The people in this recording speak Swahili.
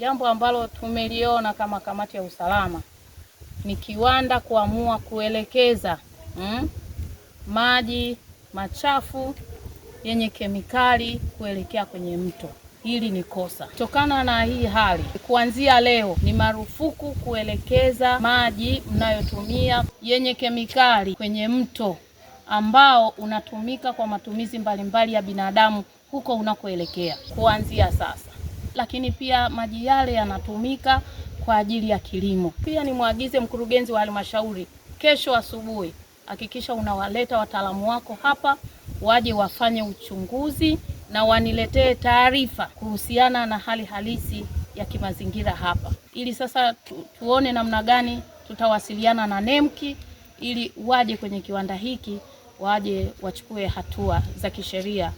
Jambo ambalo tumeliona kama kamati ya usalama ni kiwanda kuamua kuelekeza mm, maji machafu yenye kemikali kuelekea kwenye mto. Hili ni kosa. Kutokana na hii hali, kuanzia leo ni marufuku kuelekeza maji mnayotumia yenye kemikali kwenye mto ambao unatumika kwa matumizi mbalimbali mbali ya binadamu huko unakoelekea kuanzia sasa lakini pia maji yale yanatumika kwa ajili ya kilimo. Pia nimwagize mkurugenzi wa halmashauri, kesho asubuhi hakikisha unawaleta wataalamu wako hapa waje wafanye uchunguzi na waniletee taarifa kuhusiana na hali halisi ya kimazingira hapa, ili sasa tu, tuone namna gani tutawasiliana na NEMKI ili waje kwenye kiwanda hiki waje wachukue hatua za kisheria.